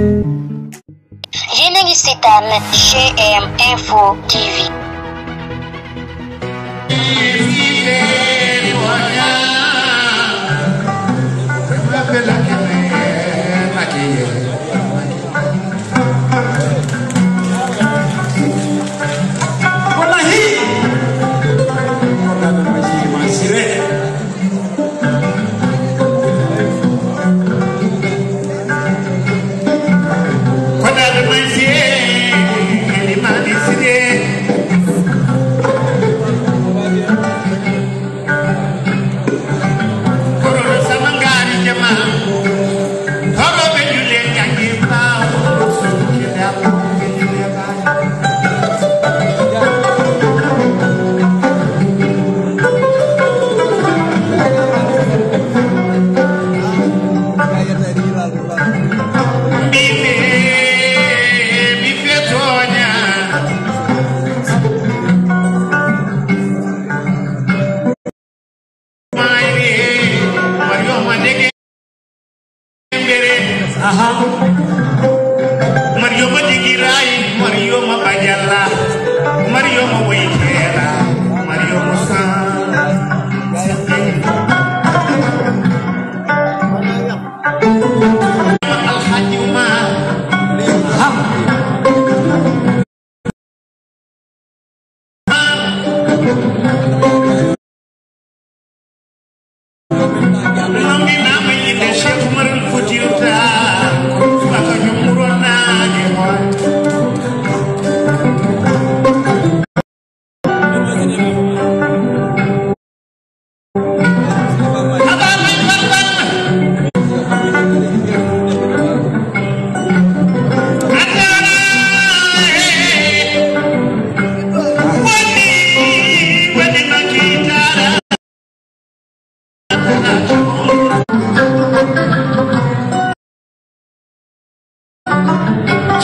yéen a ngi seetaan TV aha mariyo ma jigirai mariyo ma bajala mariyo ma waitera ma sa Mami nama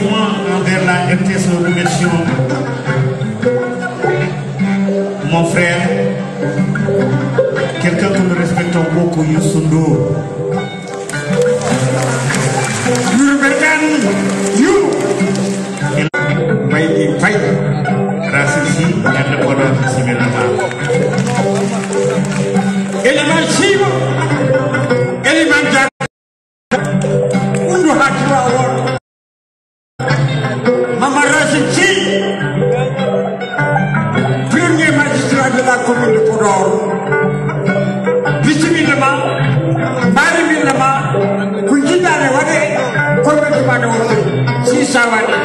remerciements envers la RTS, nous remercions mon frère, quelqu'un que nous respectons beaucoup, Youssou Faye Racine il y a ko bonheur, ci mel குறிஞ்சித்தானே வரை கொள்கை பாட்டு சீசாவானே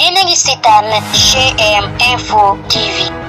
yéen a ngi TV.